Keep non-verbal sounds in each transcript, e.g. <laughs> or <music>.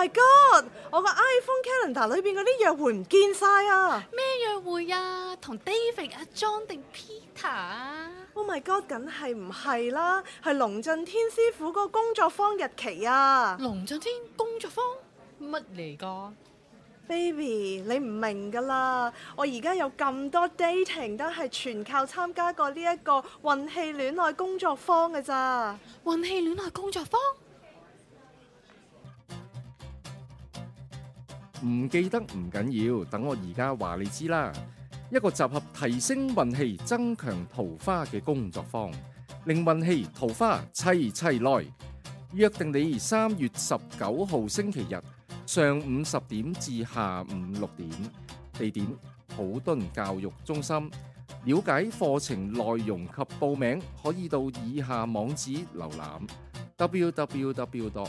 Oh my God！我個 iPhone Calendar 裏邊嗰啲約會唔見晒啊！咩約會啊？同 David、阿 John 定 Peter 啊？Oh my God！梗係唔係啦？係龍震天師傅嗰個工作坊日期啊！龍震天工作坊乜嚟㗎？Baby，你唔明噶啦！我而家有咁多 dating 都係全靠參加過呢一個運氣戀愛工作坊㗎咋！運氣戀愛工作坊。唔記得唔緊要，等我而家話你知啦。一個集合提升運氣、增強桃花嘅工作坊，令運氣桃花齊齊來。約定你三月十九號星期日上午十點至下午六點，地點普敦教育中心。了解課程內容及報名可以到以下網址瀏覽：www 多。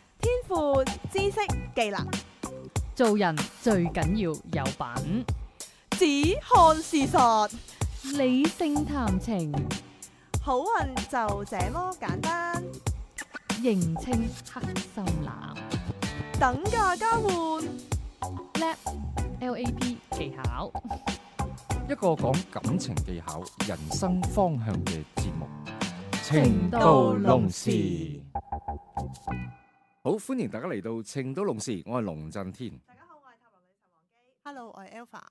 天賦、知識、技能，做人最緊要有品，只看事實，理性談情，好運就這麼簡單，認清黑心男，等價交換，LAP LAP 技巧，一個講感情技巧、人生方向嘅節目，情到濃時。好，歡迎大家嚟到成都龍事》，我係龍震天。大家好，我係塔羅女神王基。Hello，我係 Alpha。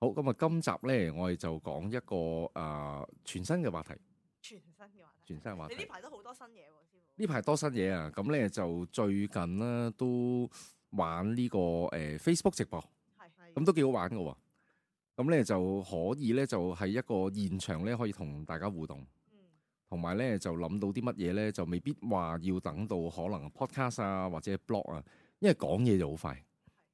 好，咁啊，今集咧，我哋就講一個啊、呃、全新嘅話題。全新嘅話題，全新嘅話題。你呢排都好多新嘢喎，師傅。呢排多新嘢啊！咁咧就最近咧都玩呢個誒 Facebook 直播，係咁都幾好玩㗎。咁咧就可以咧就喺一個現場咧可以同大家互動。同埋咧就諗到啲乜嘢咧，就未必話要等到可能 podcast 啊或者 blog 啊，因為講嘢就好快。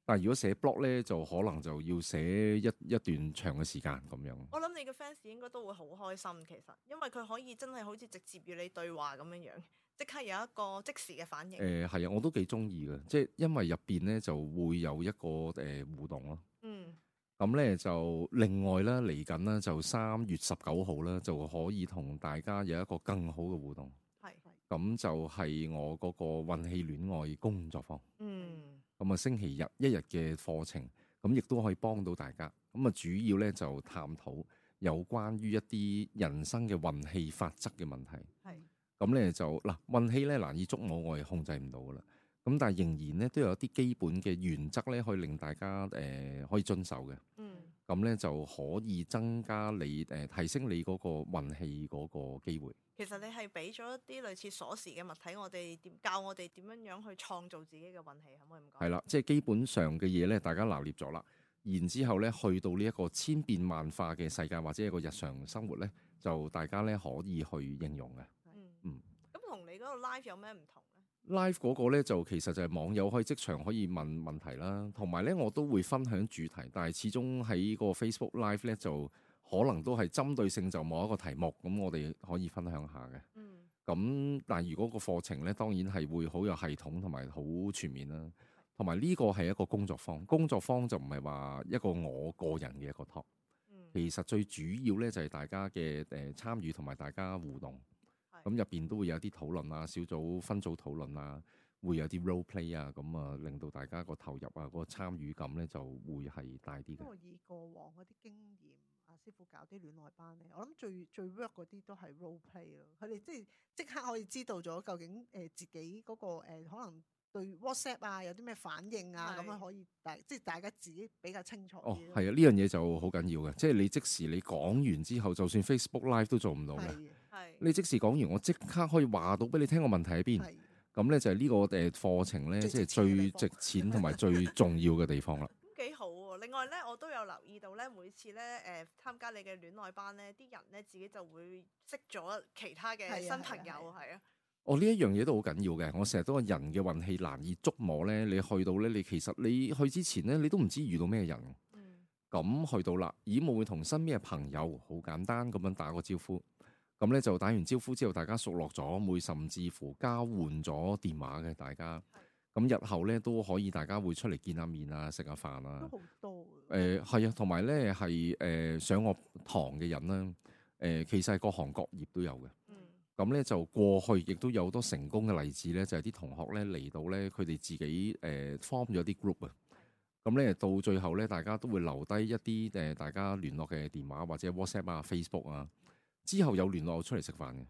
但係如果寫 blog 咧，就可能就要寫一一段長嘅時間咁樣。我諗你嘅 fans 應該都會好開心，其實，因為佢可以真係好似直接與你對話咁樣樣，即刻有一個即時嘅反應。誒係啊，我都幾中意嘅，即係因為入邊咧就會有一個誒、呃、互動咯、啊。嗯。咁咧就另外咧，嚟緊咧就三月十九號咧，就可以同大家有一個更好嘅互動。係是，咁就係我嗰個運氣戀愛工作坊。嗯，咁啊星期日一日嘅課程，咁亦都可以幫到大家。咁啊主要咧就探討有關於一啲人生嘅運氣法則嘅問題。係是，咁咧就嗱運氣咧難以捉摸，我係控制唔到噶啦。咁但係仍然咧，都有一啲基本嘅原則咧，可以令大家誒、呃、可以遵守嘅。嗯，咁咧就可以增加你誒、呃、提升你嗰個運氣嗰個機會。其實你係俾咗一啲類似鎖匙嘅物體我，我哋點教我哋點樣樣去創造自己嘅運氣，可唔可以咁講？係啦，即係基本上嘅嘢咧，大家留裂咗啦。然之後咧，去到呢一個千變萬化嘅世界或者一個日常生活咧，就大家咧可以去應用嘅。嗯，咁同、嗯、你嗰個 life 有咩唔同？Live 嗰個咧就其實就係網友可以即場可以問問題啦，同埋咧我都會分享主題，但係始終喺個 Facebook Live 咧就可能都係針對性就某一個題目，咁我哋可以分享下嘅。嗯。咁但係如果個課程咧，當然係會好有系統同埋好全面啦。同埋呢個係一個工作坊，工作坊就唔係話一個我個人嘅一個 talk。嗯。其實最主要咧就係、是、大家嘅誒、呃、參與同埋大家互動。咁入邊都會有啲討論啊，小組分組討論啊，會有啲 role play 啊，咁啊令到大家個投入啊，嗰、那個參與感咧就會係大啲。不過我以過往嗰啲經驗，阿、啊、師傅搞啲戀愛班咧，我諗最最 work 嗰啲都係 role play 咯。佢哋即係即刻可以知道咗究竟誒、呃、自己嗰、那個、呃、可能。對 WhatsApp 啊，有啲咩反應啊，咁的樣可以大即係、就是、大家自己比較清楚。哦，係啊，呢樣嘢就好緊要嘅，哦、即係你即時你講完之後，就算 Facebook Live 都做唔到嘅。係。你即時講完，我即刻可以話到俾你聽個問題喺邊。係的。咁咧就係呢個誒課程咧，即係最值錢同埋最，最重要嘅地方啦。咁幾 <laughs> 好喎、啊！另外咧，我都有留意到咧，每次咧誒參加你嘅戀愛班咧，啲人咧自己就會識咗其他嘅新朋友，係啊。哦呢一樣嘢都好緊要嘅，我成日都話人嘅運氣難以捉摸咧。你去到咧，你其實你去之前咧，你都唔知遇到咩人。咁、嗯、去到啦，以會同身邊嘅朋友好簡單咁樣打個招呼。咁咧就打完招呼之後，大家熟絡咗，會甚至乎交換咗電話嘅。大家咁、嗯、日後咧都可以，大家會出嚟見下面、呃、啊，食下飯啊，都好多誒，係、呃、啊，同埋咧係誒上我堂嘅人啦。誒、呃，其實係各行各業都有嘅。咁咧就過去亦都有好多成功嘅例子咧，就係啲同學咧嚟到咧，佢哋自己誒 form 咗啲 group 啊。咁咧到最後咧，大家都會留低一啲誒大家聯絡嘅電話或者 WhatsApp 啊、Facebook 啊，之後有聯絡出嚟食飯嘅，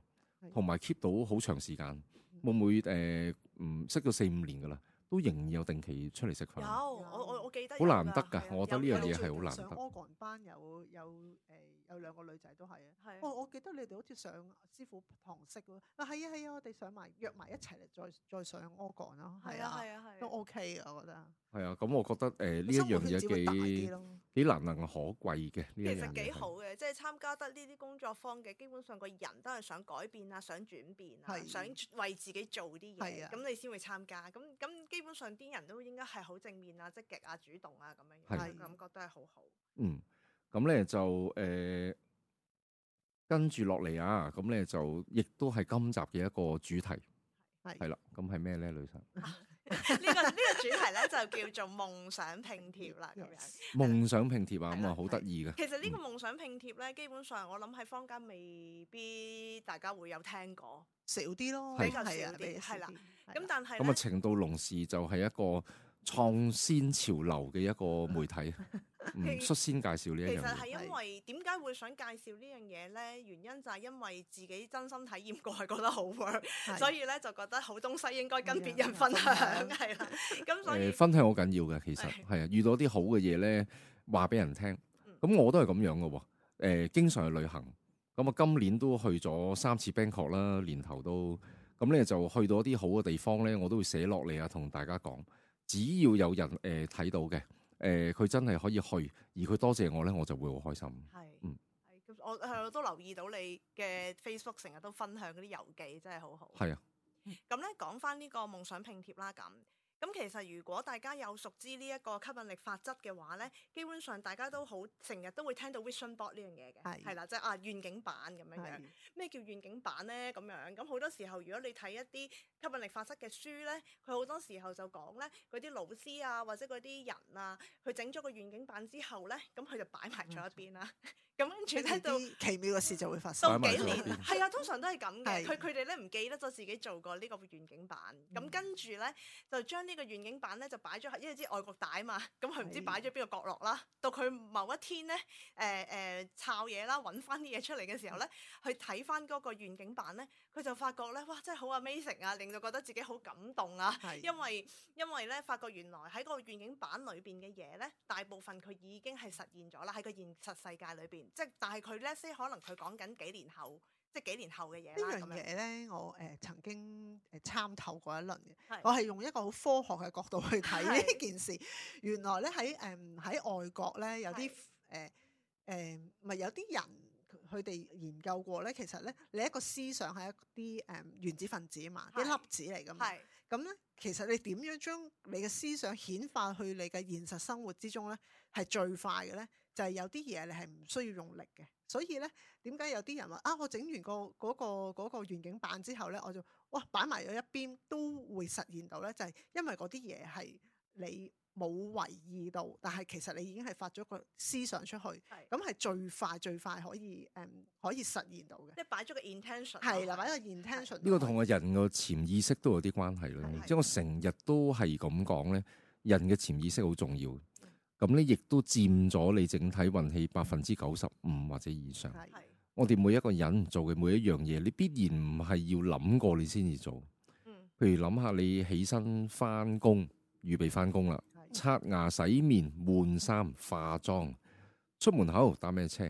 同埋 keep 到好長時間，會唔會誒嗯識咗四五年噶啦，都仍然有定期出嚟食飯。有，我我記得好難得噶，有我覺得呢樣嘢係好難得。上 o 班有有誒。有兩個女仔都係啊，我我記得你哋好似上師傅堂識咯，啊係啊係啊，我哋上埋約埋一齊嚟再再上阿幹咯，係啊係啊係，都 OK 嘅我覺得。係啊，咁我覺得誒呢一樣嘢幾幾難能可貴嘅呢一樣嘢。其實幾好嘅，即係參加得呢啲工作坊嘅，基本上個人都係想改變啊，想轉變啊，想為自己做啲嘢，咁你先會參加。咁咁基本上啲人都應該係好正面啊、積極啊、主動啊咁樣，感覺都係好好。嗯。咁咧、嗯嗯、就誒跟住落嚟啊！咁咧就亦都係今集嘅一個主題，係啦是是。咁係咩咧，女神？呢個呢個主題咧就叫做夢想拼貼啦。咁樣夢想拼貼啊，咁啊好得意嘅。其實呢個夢想拼貼咧，基本上我諗喺坊間未必大家會有聽過，少啲咯是比少，比較少啲，係啦。咁了了但係咁啊，程度濃時就係一個。嗯嗯嗯創先潮流嘅一個媒體、 <laughs> 嗯，唔 <laughs> 率先介紹呢一樣。其實係因為點解是 會想介紹呢樣嘢咧？原因就係因為自己真心體驗過，係覺得好 work，< 是 S 1> 所以咧就覺得好東西應該跟別人分享係啦。咁所以分享好緊要嘅，其實係啊。 <laughs> 遇到啲好嘅嘢咧，話俾人聽。咁、嗯、我都係咁樣嘅。誒、呃，經常去旅行，咁啊，今年都去咗三次 Bangkok 啦。年頭都咁咧，就去到一啲好嘅地方咧，我都會寫落嚟，啊，同大家講。只要有人誒睇、呃、到嘅，誒、呃、佢真係可以去，而佢多謝我咧，我就會好開心。係是，嗯，我係我都留意到你嘅 Facebook 成日都分享嗰啲遊記，真係好好。係是啊呢，咁咧講翻呢個夢想拼貼啦，咁。咁其實如果大家有熟知呢一個吸引力法則嘅話咧，基本上大家都好成日都會聽到 vision board 呢樣嘢嘅，係啦，即係啊願景板咁樣嘅。咩叫願景板咧？咁樣咁好多時候，如果你睇一啲吸引力法則嘅書咧，佢好多時候就講咧，嗰啲老師啊或者嗰啲人啊，佢整咗個願景板之後咧，咁佢就擺埋咗一邊啦。咁跟住喺度，奇妙嘅事就會發生。嗯、幾年啦？係啊，通常都係咁嘅。佢佢哋咧唔記得咗自己做過呢個願景板。咁跟住咧就將嗯嗯呢個願景版咧就擺咗，喺因為知外國大嘛，咁佢唔知擺咗邊個角落啦。是的 到佢某一天咧，誒誒摷嘢啦，揾翻啲嘢出嚟嘅時候咧，是的 去睇翻嗰個願景版咧，佢就發覺咧，哇，真係好 amazing 啊，令到覺得自己好感動啊。是的 因為因為咧，發覺原來喺個願景版裏邊嘅嘢咧，大部分佢已經係實現咗啦，喺個現實世界裏邊，即係但係佢咧，先可能佢講緊幾年後。即係幾年後嘅嘢呢樣嘢呢，我誒、呃、曾經誒參透過一輪嘅。是我係用一個好科學嘅角度去睇呢件事。 <laughs> 原來呢，喺誒喺外國呢是、呃呃，有啲誒誒，咪有啲人佢哋研究過呢。其實呢，你一個思想係一啲誒、呃、原子分子嘛，一是粒子嚟噶嘛。咁咧，其實你點樣將你嘅思想顯化去你嘅現實生活之中咧，係最快嘅咧，就係、是、有啲嘢你係唔需要用力嘅。所以咧，點解有啲人話啊，我整完、那個嗰、那個嗰、那個願景版之後咧，我就哇擺埋咗一邊都會實現到咧，就係、是、因為嗰啲嘢係你。冇為意到，但係其實你已經係發咗個思想出去，咁係的最快最快可以誒、um, 可以實現到嘅，即係擺咗個 intention 係啦，擺個 intention。呢個同個人個潛意識都有啲關係啦。即係我成日都係咁講咧，人嘅潛意識好重要，咁咧亦都佔咗你整體運氣百分之九十五或者以上。的的我哋每一個人做嘅每一樣嘢，你必然唔係要諗過你先至做。嗯，譬如諗下你起身翻工，預備翻工啦。刷牙、洗面、換衫、化妝、出門口搭咩車，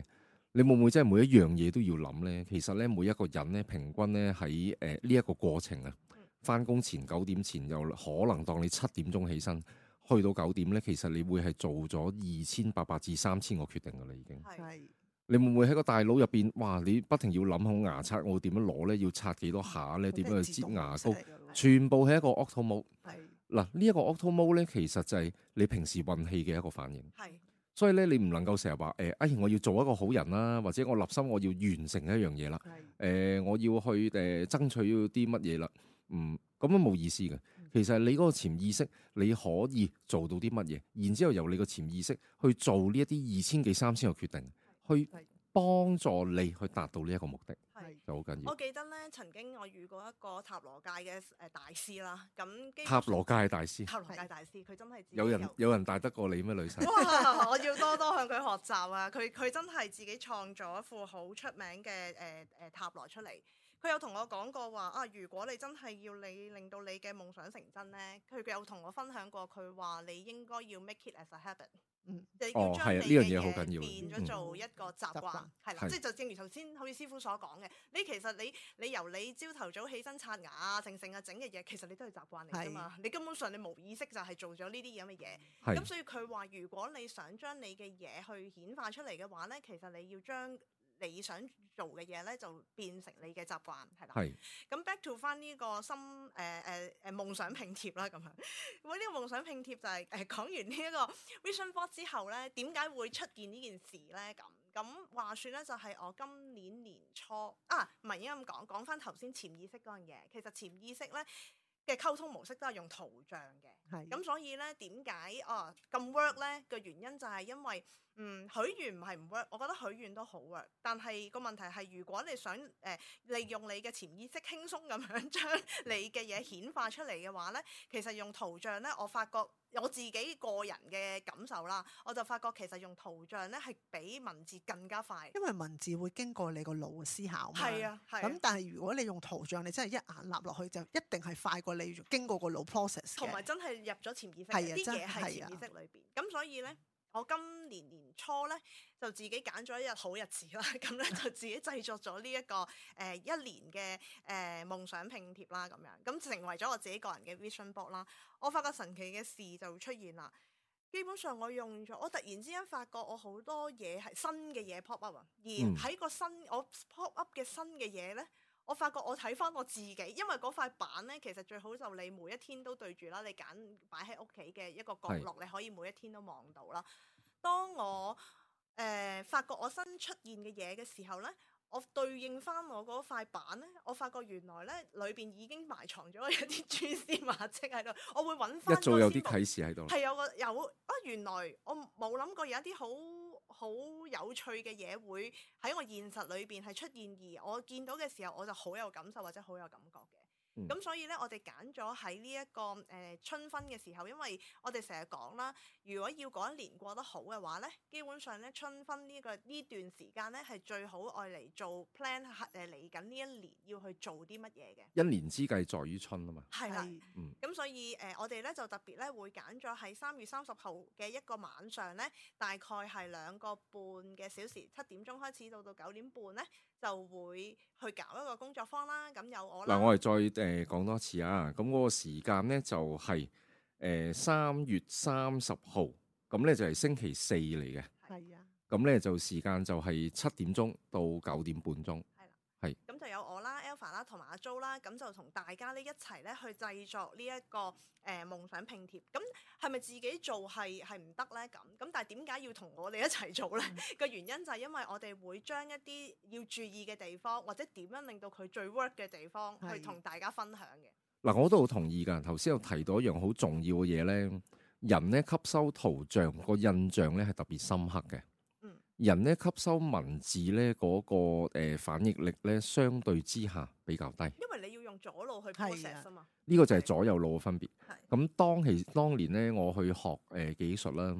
你會唔會真係每一樣嘢都要諗呢？其實呢，每一個人呢，平均呢喺誒呢一個過程啊，翻工前九點前又可能當你七點鐘起身去到九點呢，其實你會係做咗二千八百至三千個決定噶啦，已經是。你會唔會喺個大腦入邊？哇！你不停要諗好牙刷，我點樣攞呢？要刷幾多下呢？點、嗯、樣去擠牙膏？全部係一個噩耗。嗱，呢一個 auto mode 咧，其實就係你平時運氣嘅一個反應。係是，所以咧，你唔能夠成日話誒，啊、呃哎，我要做一個好人啦，或者我立心我要完成一樣嘢啦。係是、呃，我要去誒、呃、爭取啲乜嘢啦？嗯，咁樣冇意思嘅。是其實你嗰個潛意識你可以做到啲乜嘢？然之後由你個潛意識去做呢一啲二千幾三千個決定，是去。幫助你去達到呢一個目的，是就好緊要。我記得咧，曾經我遇過一個塔羅界嘅誒大師啦。咁塔羅界大師，塔羅界大師，佢是真係有，有人有人大得過你咩，女神？ <laughs> 哇！我要多多向佢學習啊！佢佢真係自己創造一副好出名嘅誒誒塔羅出嚟。佢有同我講過話啊，如果你真係要你令到你嘅夢想成真呢，佢有同我分享過，佢話你應該要 make it as a habit，嗯、哦，你要將你嘅嘢變咗做一個習慣，係啦、哦，即係就正如頭先好似師傅所講嘅，的你其實你你由你朝頭早起身刷牙啊、剩剩啊整嘅嘢，其實你都係習慣嚟㗎嘛，的你根本上你冇意識就係做咗呢啲咁嘅嘢，咁的的所以佢話如果你想將你嘅嘢去顯化出嚟嘅話呢，其實你要將你想做嘅嘢咧，就變成你嘅習慣，係啦。係是。咁 back to 翻呢個心誒誒誒夢想拼貼啦，咁樣。咁呢、這個夢想拼貼就係、是、誒、呃、講完呢一個 vision board 之後咧，點解會出現呢件事咧？咁咁話說咧，就係我今年年初啊，唔係應該咁講，講翻頭先潛意識嗰樣嘢。其實潛意識咧嘅溝通模式都係用圖像嘅。係是。咁所以咧，點解哦咁 work 咧嘅原因就係因為。嗯，許願唔係唔 work，我覺得許願都好 work。但係個問題係，如果你想誒、呃、利用你嘅潛意識輕鬆咁樣將你嘅嘢顯化出嚟嘅話咧，其實用圖像咧，我發覺我自己個人嘅感受啦，我就發覺其實用圖像咧係比文字更加快。因為文字會經過你個腦嘅思考嘛。係啊，咁、啊、但係如果你用圖像，你真係一眼立落去就一定係快過你經過個腦嘅 process 同埋真係入咗潛意識，啲嘢係潛意識裏邊。咁、啊、所以咧。我今年年初呢，就自己揀咗一日好日子啦，咁呢，就自己製作咗呢一個誒、呃、一年嘅誒、呃、夢想拼貼啦，咁樣咁成為咗我自己個人嘅 vision board 啦。我發覺神奇嘅事就會出現啦。基本上我用咗，我突然之間發覺我好多嘢係新嘅嘢 pop up 啊，而喺個新我 pop up 嘅新嘅嘢呢。我發覺我睇翻我自己，因為嗰塊板咧，其實最好就你每一天都對住啦，你揀擺喺屋企嘅一個角落，是你可以每一天都望到啦。當我誒、呃、發覺我新出現嘅嘢嘅時候咧，我對應翻我嗰塊板咧，我發覺原來咧裏邊已經埋藏咗一啲蛛絲馬跡喺度，我會揾翻一早有啲啟示喺度，係有個有啊，原來我冇諗過有一啲好。好有趣嘅嘢會喺我現實裏邊係出現，而我見到嘅時候，我就好有感受或者好有感覺嘅。咁、嗯、所以咧，我哋揀咗喺呢一個誒、呃、春分嘅時候，因為我哋成日講啦，如果要嗰一年過得好嘅話咧，基本上咧春分呢、呢個呢段時間咧係最好愛嚟做 plan，誒嚟緊呢一年要去做啲乜嘢嘅。一年之計在於春啊嘛。係啦。咁所以誒、呃，我哋咧就特別咧會揀咗喺三月三十號嘅一個晚上咧，大概係兩個半嘅小時，七點鐘開始到到九點半咧。就會去搞一個工作坊啦，咁有我啦。嗱，我係再誒講、呃、多次啊，咁個時間咧就係誒三月三十號，咁咧就係星期四嚟嘅。係啊的，咁咧就時間就係七點鐘到九點半鐘。係啦的，係的。咁就有我。同埋阿 Jo 啦，咁就同大家呢一齊咧去製作呢、這、一個誒夢、呃、想拼貼。咁係咪自己做係係唔得咧？咁咁，但係點解要同我哋一齊做咧？個、嗯、原因就係因為我哋會將一啲要注意嘅地方，或者點樣令到佢最 work 嘅地方，是的 去同大家分享嘅。嗱、嗯，我都好同意噶。頭先有提到一樣好重要嘅嘢咧，人咧，吸收圖像個印象咧係特別深刻嘅。人咧，吸收文字咧嗰個反應力咧，相對之下比較低。因為你要用左腦去破石啊嘛。呢個就係左右腦嘅分別。咁的當其當年咧，我去學誒技術啦，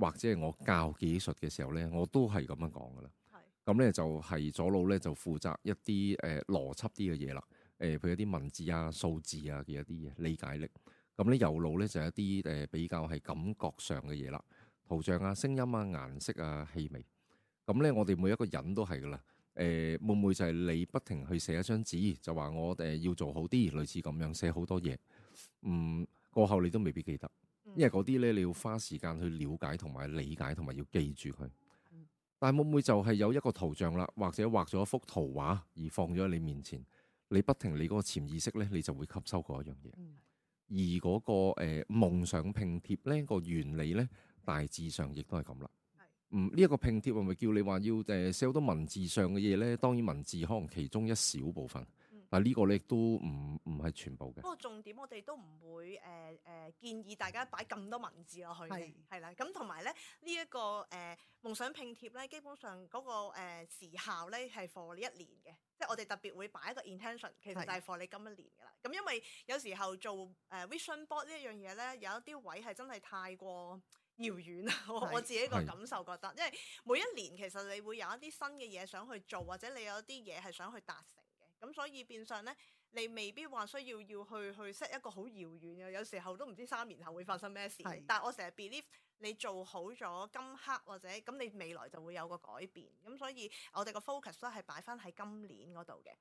或者係我教技術嘅時候咧，我都係咁樣講噶啦。咁咧的就係左腦咧就負責一啲誒邏輯啲嘅嘢啦，誒譬如一啲文字啊、數字啊嘅一啲嘢理解力。咁咧右腦咧就係一啲誒比較係感覺上嘅嘢啦，圖像啊、聲音啊、顏色啊、氣味。咁咧，我哋每一個人都係噶啦。誒、呃，會唔會就係你不停去寫一張紙，就話我哋要做好啲，類似咁樣寫好多嘢。嗯，過後你都未必記得，因為嗰啲咧你要花時間去了解同埋理解同埋要記住佢。但係會唔會就係有一個圖像啦，或者畫咗一幅圖畫而放咗喺你面前，你不停你嗰個潛意識咧，你就會吸收嗰一樣嘢。而嗰、個誒、呃、夢想拼貼咧、個原理咧，大致上亦都係咁啦。嗯，呢一個拼貼會唔會叫你話要誒寫好多文字上嘅嘢咧？當然文字可能其中一小部分，但呢個咧都唔唔係全部嘅。不過、嗯、重點我，我哋都唔會誒誒建議大家擺咁多文字落去嘅，係啦是。咁同埋咧，呢一、這個誒夢、呃、想拼貼咧，基本上嗰、那個誒、呃、時效咧係 for 你一年嘅，即係我哋特別會擺一個 intention，其實就係 for 你今一年噶啦。咁的因為有時候做誒 vision board 呢一樣嘢咧，有一啲位係真係太過遙遠啊！我自己個感受覺得，是因為每一年其實你會有一啲新嘅嘢想去做，或者你有一啲嘢係想去達成嘅，咁所以變相呢，你未必話需要要去去 set 一個好遙遠嘅，有時候都唔知三年後會發生咩事。的但係我成日 believe 你做好咗今刻或者咁，你未來就會有個改變。咁所以我哋個 focus 都係擺翻喺今年嗰度嘅。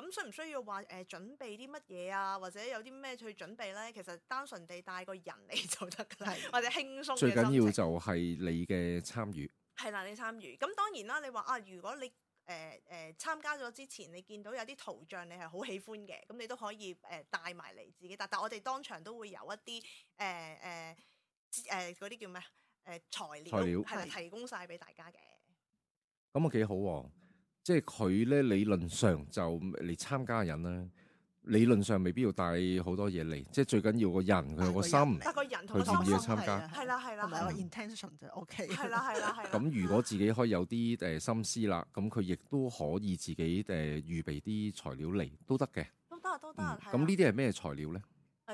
咁需唔需要話誒準備啲乜嘢啊？或者有啲咩去準備咧？其實單純地帶個人嚟就得㗎啦， <laughs> 或者輕鬆。最緊要就係你嘅參與。係啦、嗯，你參與。咁、嗯、當然啦，你話啊，如果你誒誒、呃呃、參加咗之前，你見到有啲圖像，你係好喜歡嘅，咁你都可以誒、呃、帶埋嚟自己。但但我哋當場都會有一啲誒誒誒嗰啲叫咩誒、呃、材料係料提供晒俾大家嘅。咁、嗯、啊幾好喎！即係佢咧理論上就嚟參加人啦，理論上未必要帶好多嘢嚟，即係最緊要人個人佢有個心，佢願意去參加，係啦係啦，同埋 intention 就 OK，係啦係啦係啦。咁如果自己可以有啲誒、呃、心思啦，咁佢亦都可以自己誒、呃、預備啲材料嚟都得嘅，都得都得、啊。咁呢啲係咩材料咧？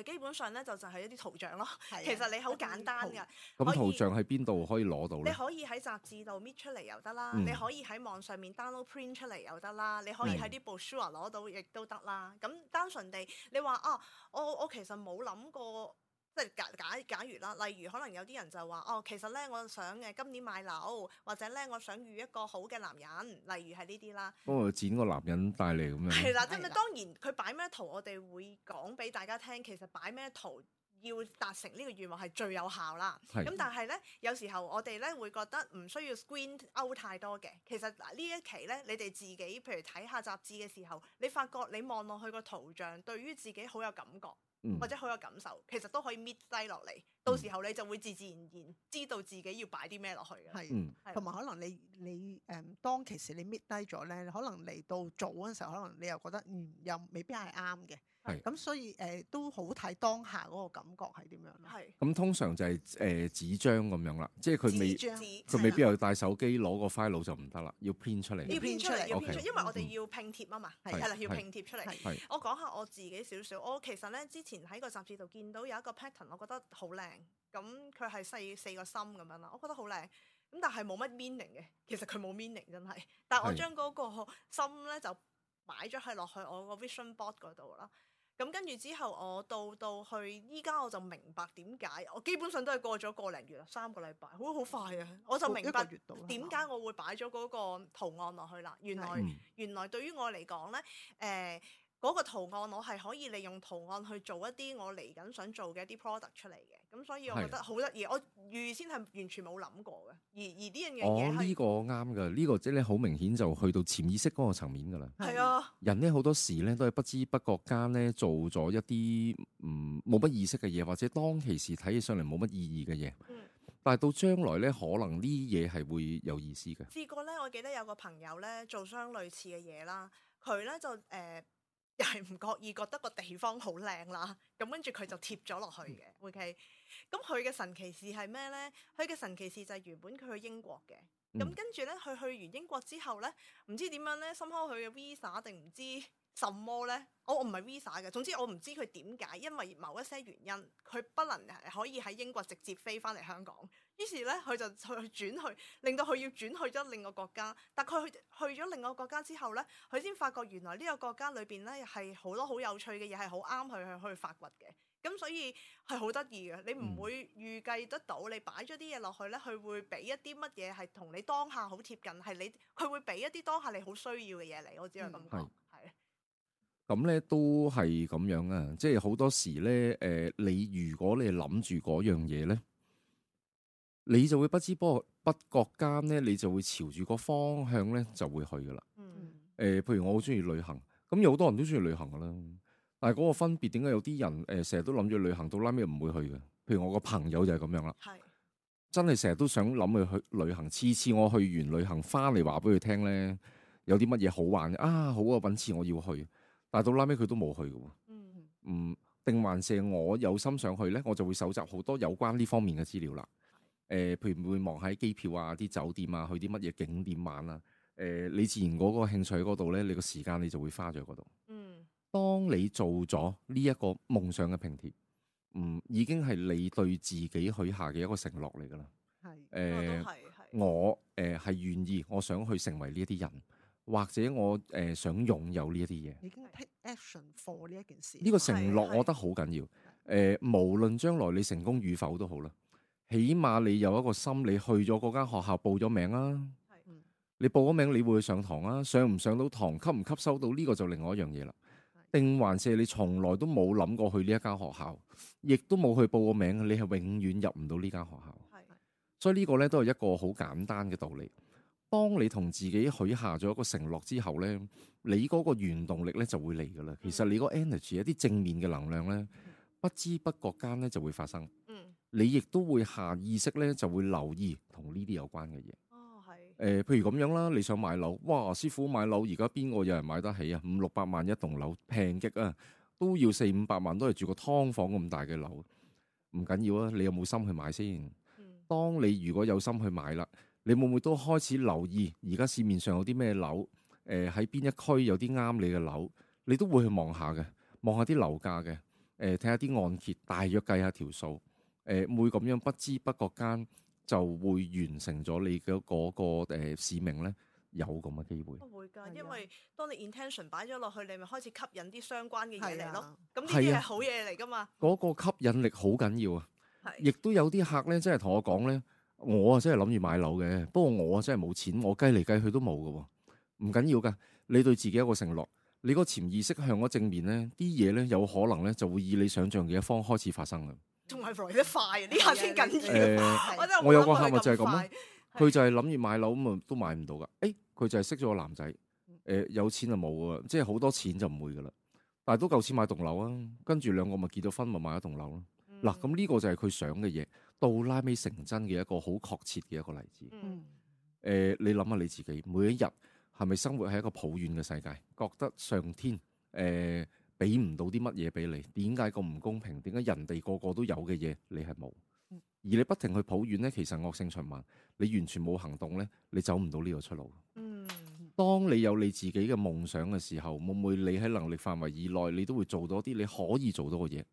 基本上咧就就係一啲圖像咯，的其實你好簡單嘅。咁圖，以圖像喺邊度可以攞到咧？你可以喺雜誌度搣出嚟又得啦，嗯、你可以喺網上面 download print 出嚟又得啦，嗯、你可以喺啲報紙度攞到亦都得啦。咁、嗯、單純地，你話啊，我我，我其實冇諗過。即係假假假如啦，例如可能有啲人就話：哦，其實咧，我想誒今年買樓，或者咧，我想遇一個好嘅男人，例如係呢啲啦。幫我、哦、剪個男人帶嚟咁樣。係啦的，即係的當然佢擺咩圖，我哋會講俾大家聽。其實擺咩圖要達成呢個願望係最有效啦。咁的但係咧，有時候我哋咧會覺得唔需要 screen out 太多嘅。其實呢一期咧，你哋自己譬如睇下雜誌嘅時候，你發覺你望落去個圖像，對於自己好有感覺。或者好有感受，其實都可以搣低落嚟。嗯、到時候你就會自自然然知道自己要擺啲咩落去嘅的。同埋的可能你你誒、嗯、當其時你搣低咗咧，可能嚟到做嗰陣時候，可能你又覺得嗯又未必係啱嘅。係，咁是、嗯、所以誒、呃、都好睇當下嗰個感覺係點樣？係是。咁、嗯、通常就係誒紙張咁樣啦，即係佢未佢紫未必有帶手機攞的個 file 就唔得啦，要編出嚟。要編出嚟，要編出嚟，出 okay，因為我哋要拼貼啊嘛，係啦、嗯，要拼貼出嚟。的我講下我自己少少，我其實咧之前喺個雜誌度見到有一個 pattern，我覺得好靚。咁佢係細四個心咁樣啦，我覺得好靚。咁但係冇乜 meaning 嘅，其實佢冇 meaning 真係。但係我將嗰個心咧就擺咗係落去我個 vision board 嗰度啦。咁跟住之後，我到到去依家，我就明白點解我基本上都係過咗個零月啦，三個禮拜，好好快啊！我就明白點解我會擺咗嗰個圖案落去啦。原來是原來對於我嚟講咧，誒、呃。嗰個圖案，我係可以利用圖案去做一啲我嚟緊想做嘅一啲 product 出嚟嘅，咁所以我覺得好得意。的我預先係完全冇諗過嘅，而而呢樣嘢呢個啱㗎，呢、呢個即係好明顯就去到潛意識嗰個層面㗎啦。係啊的，人咧好多時咧都係不知不覺間咧做咗一啲嗯冇乜意識嘅嘢，或者當其時睇起上嚟冇乜意義嘅嘢，嗯、但係到將來咧可能呢啲嘢係會有意思嘅。試過咧，我記得有個朋友咧做相類似嘅嘢啦，佢咧就誒。呃又係唔覺意覺得個地方好靚啦，咁跟住佢就貼咗落去嘅、嗯、，ok，咁佢嘅神奇事係咩咧？佢嘅神奇事就係原本佢去英國嘅，咁、嗯、跟住咧佢去完英國之後咧，唔知點樣咧，深刻佢嘅 visa 定唔知什麼咧，oh, 我我唔係 visa 嘅，總之我唔知佢點解，因為某一些原因，佢不能可以喺英國直接飛翻嚟香港。於是咧，佢就去轉去，令到佢要轉去咗另一個國家。但佢去去咗另一個國家之後咧，佢先發覺原來呢個國家裏邊咧係好多好有趣嘅嘢，係好啱佢去去發掘嘅。咁所以係好得意嘅，你唔會預計得到、嗯、你擺咗啲嘢落去咧，佢會俾一啲乜嘢係同你當下好貼近，係你佢會俾一啲當下你好需要嘅嘢嚟。我只能咁講，係、嗯。咁咧是都係咁樣啊！即係好多時咧，誒、呃，你如果你諗住嗰樣嘢咧。你就會不知不覺間咧，你就會朝住個方向咧就會去噶啦。誒、嗯呃，譬如我好中意旅行，咁、嗯、有好多人都中意旅行噶啦。但係嗰個分別，點解有啲人誒成日都諗住旅行，到拉尾唔會去嘅？譬如我個朋友就係咁樣啦，係是真係成日都想諗去去旅行。次次我去完旅行翻嚟話俾佢聽咧，有啲乜嘢好玩啊？好啊，搵次我要去，但係到拉尾佢都冇去嘅。嗯，嗯，定還是我有心想去咧，我就會搜集好多有關呢方面嘅資料啦。誒、呃，譬如唔會望喺機票啊、啲酒店啊、去啲乜嘢景點玩啊，誒、呃，你自然嗰個興趣喺嗰度咧，你個時間你就會花咗嗰度。嗯，當你做咗呢一個夢想嘅拼貼，嗯，已經係你對自己許下嘅一個承諾嚟噶啦。係的，誒、呃，我誒係願意，我想去成為呢一啲人，或者我誒、呃、想擁有呢一啲嘢。已經 take action for 呢一件事。呢個承諾我覺得好緊要。誒、嗯呃，無論將來你成功與否都好啦。起碼你有一個心理，去咗嗰間學校報咗名啊。嗯、你報咗名，你會去上堂啊？上唔上到堂，吸唔吸收到呢個，就另外一樣嘢啦。定、嗯、還是你從來都冇諗過去呢一間學校，亦都冇去報個名，你係永遠入唔到呢間學校。嗯、所以呢個呢，都係一個好簡單嘅道理。當你同自己許下咗一個承諾之後呢，你嗰個原動力呢就會嚟噶啦。其實你個 energy，一啲正面嘅能量呢，不知不覺間呢就會發生。你亦都會下意識咧，就會留意同呢啲有關嘅嘢。哦，係誒、呃，譬如咁樣啦，你想買樓，哇！師傅買樓而家邊個有人買得起啊？五六百萬一棟樓平極啊，都要四五百萬，都係住個劏房咁大嘅樓，唔緊要啊。你有冇心去買先？嗯、當你如果有心去買啦，你會唔會都開始留意而家市面上有啲咩樓？誒、呃，喺邊一區有啲啱你嘅樓，你都會去望下嘅，望下啲樓價嘅誒，睇下啲按揭，大約計下條數。誒，會咁樣不知不覺間就會完成咗你嘅嗰個誒使命咧，有咁嘅機會。會噶，因為當你 intention 擺咗落去，你咪開始吸引啲相關嘅嘢嚟咯。咁呢啲係好嘢嚟噶嘛。嗰個吸引力好緊要啊。亦是都有啲客咧，真係同我講咧，我啊真係諗住買樓嘅，不過我真係冇錢，我計嚟計去都冇噶。唔緊要噶，你對自己一個承諾，你個潛意識向咗正面咧，啲嘢咧有可能咧就會以你想象嘅一方開始發生噶。仲係浮嚟得快啊！呢下先緊要，呃、我，我有個客咪就係咁，佢就係諗住買樓咁啊，都買唔到噶。誒、欸，佢就係識咗個男仔，誒、呃、有錢就冇啊，即係好多錢就唔會噶啦。但係都夠錢買棟樓啊，跟住兩個咪結咗婚，咪買咗棟樓咯。嗱、嗯，咁呢個就係佢想嘅嘢，到拉尾成真嘅一個好確切嘅一個例子。誒、嗯呃，你諗下你自己，每一日係咪生活喺一個抱怨嘅世界，覺得上天誒？呃俾唔到啲乜嘢俾你？點解咁唔公平？點解人哋個個都有嘅嘢，你係冇？而你不停去抱怨呢，其實惡性循環。你完全冇行動呢，你走唔到呢個出路。嗯，當你有你自己嘅夢想嘅時候，會唔會你喺能力範圍以內，你都會做到啲你可以做到嘅嘢，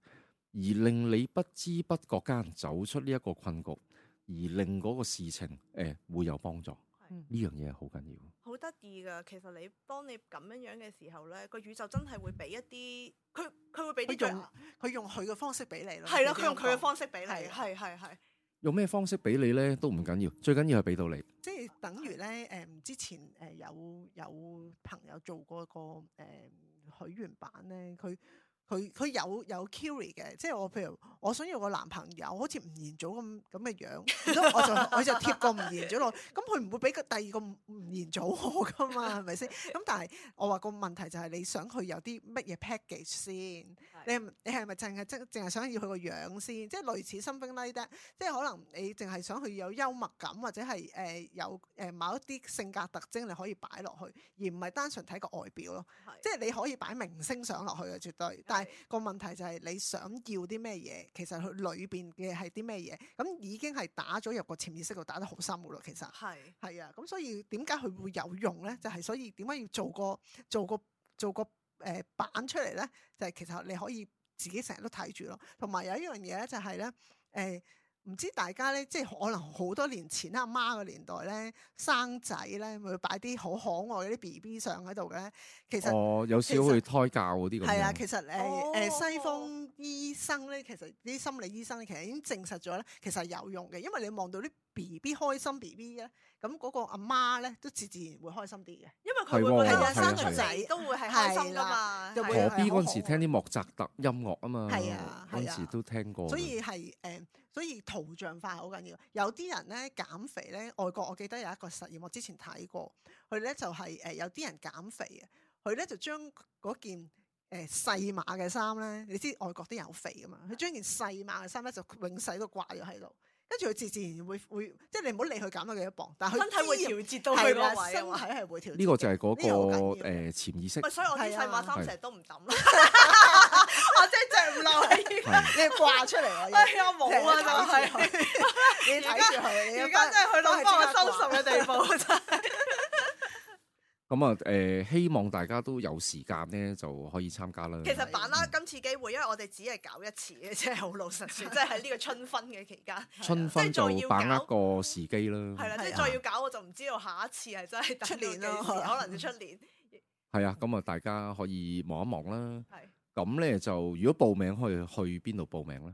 而令你不知不覺間走出呢一個困局，而令嗰個事情誒、欸、會有幫助。呢、嗯、樣嘢係好緊要，好得意㗎！其實當你幫你咁樣樣嘅時候咧，個宇宙真係會俾一啲，佢佢會俾啲種，佢用佢嘅方式俾你咯。係啦的，佢用佢嘅方式俾你，你，你，係係係。用咩方式俾你咧都唔緊要，最緊要係俾到你。即係等於咧，誒、呃、之前誒有有朋友做過一個誒、呃、許願版咧，佢。佢佢有有 carry 嘅，即係我譬如我想要個男朋友好似吳彥祖咁咁嘅樣，咁我就我就貼個吳彥祖落，咁佢唔會俾個第二個吳彥祖我㗎嘛，係咪先？咁但係我話個問題就係你想佢有啲乜嘢 package 先。 <laughs> 你你係咪淨係即淨係想要佢個樣先？即係類似《新兵拉隊》，即係可能你淨係想佢有幽默感，或者係誒、呃、有誒某一啲性格特徵你可以擺落去，而唔係單純睇個外表咯。是即係你可以擺明星相落去呀，絕對。但係個問題就係你想要啲咩嘢，其實佢裏邊嘅係啲咩嘢？咁已經係打咗入個潛意識度，打得好深嘅咯。其實係係是啊，咁所以點解佢會有用咧？就係、是、所以點解要做個做個做個？做個做個誒擺、呃、出嚟咧，就係、是、其實你可以自己成日都睇住咯。同埋有一樣嘢咧，就係咧，誒唔知大家咧，即係可能好多年前阿媽個年代咧，生仔咧會擺啲好可愛嗰啲 BB 相喺度嘅咧。其實哦，有時會胎教嗰啲。係啊，其實誒誒，西方醫生咧，其實啲心理醫生咧，其實已經證實咗咧，其實係有用嘅，因為你望到啲。B B 開心，B B 咧，咁嗰個阿媽咧都自自然會開心啲嘅，因為佢會唔會係、啊、生個仔、啊啊、都會係開心噶嘛。何 B 嗰時聽啲莫扎特音樂啊嘛，嗰時都聽過所、呃。所以係誒，所以圖像化好緊要。有啲人咧減肥咧，外國我記得有一個實驗，我之前睇過，佢咧就係、是、誒、呃、有啲人減肥啊，佢咧就將嗰件誒、呃、細碼嘅衫咧，你知外國啲人好肥噶嘛，佢將件細碼嘅衫咧就永世都掛咗喺度。跟住佢自自然然會會，即係你唔好理佢減咗幾多磅，但係身體會調節到佢個位。身體係會調節。呢個就係嗰個誒潛意識。所以，我啲細碼衫成日都唔抌啦，或者著唔落啦。你掛出嚟啦。係啊，冇啊，就係。你睇住佢，而家真係去到幫我收拾嘅地步，真係。咁啊，誒希望大家都有時間咧，就可以參加啦。其實把握今次機會，因為我哋只係搞一次嘅，即係好老實講，即係喺呢個春分嘅期間，春分就要把握個時機啦。係啦，即係再要搞，我就唔知道下一次係真係出年咯，可能就出年。係啊，咁啊，大家可以望一望啦。係。咁咧就，如果報名可以去邊度報名咧？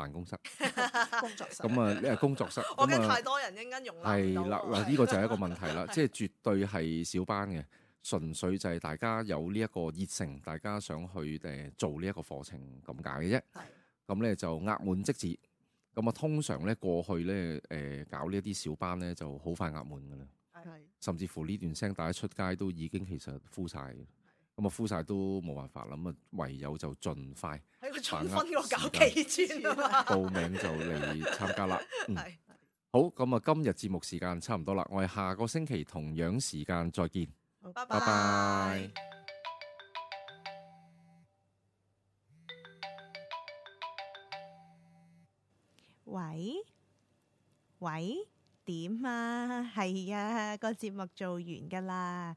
辦公 <laughs> 作室、 <laughs> <music> 嗯，工作室。咁啊，你係工作室。我驚太多人一陣用曬。係啦，嗱，呢個就係一個問題啦， <laughs> 的即係絕對係小班嘅，純粹就係大家有呢一個熱誠，大家想去誒做呢一個課程咁解嘅啫。係。咁咧就壓滿即止，咁啊的通常咧過去咧誒、呃、搞呢一啲小班咧就好快壓滿㗎啦。係的。甚至乎呢段聲大家出街都已經其實枯曬。咁啊，敷晒都冇辦法啦，咁啊唯有就盡快喺個搞企轉啊報名就嚟參加啦。係、嗯、好，咁啊今日節目時間差唔多啦，我哋下個星期同樣時間再見。拜拜。拜拜。喂喂，點啊？係啊，個節目做完噶啦。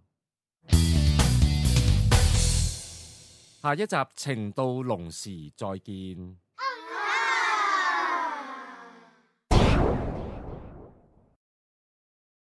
下一集，情到濃時，再見。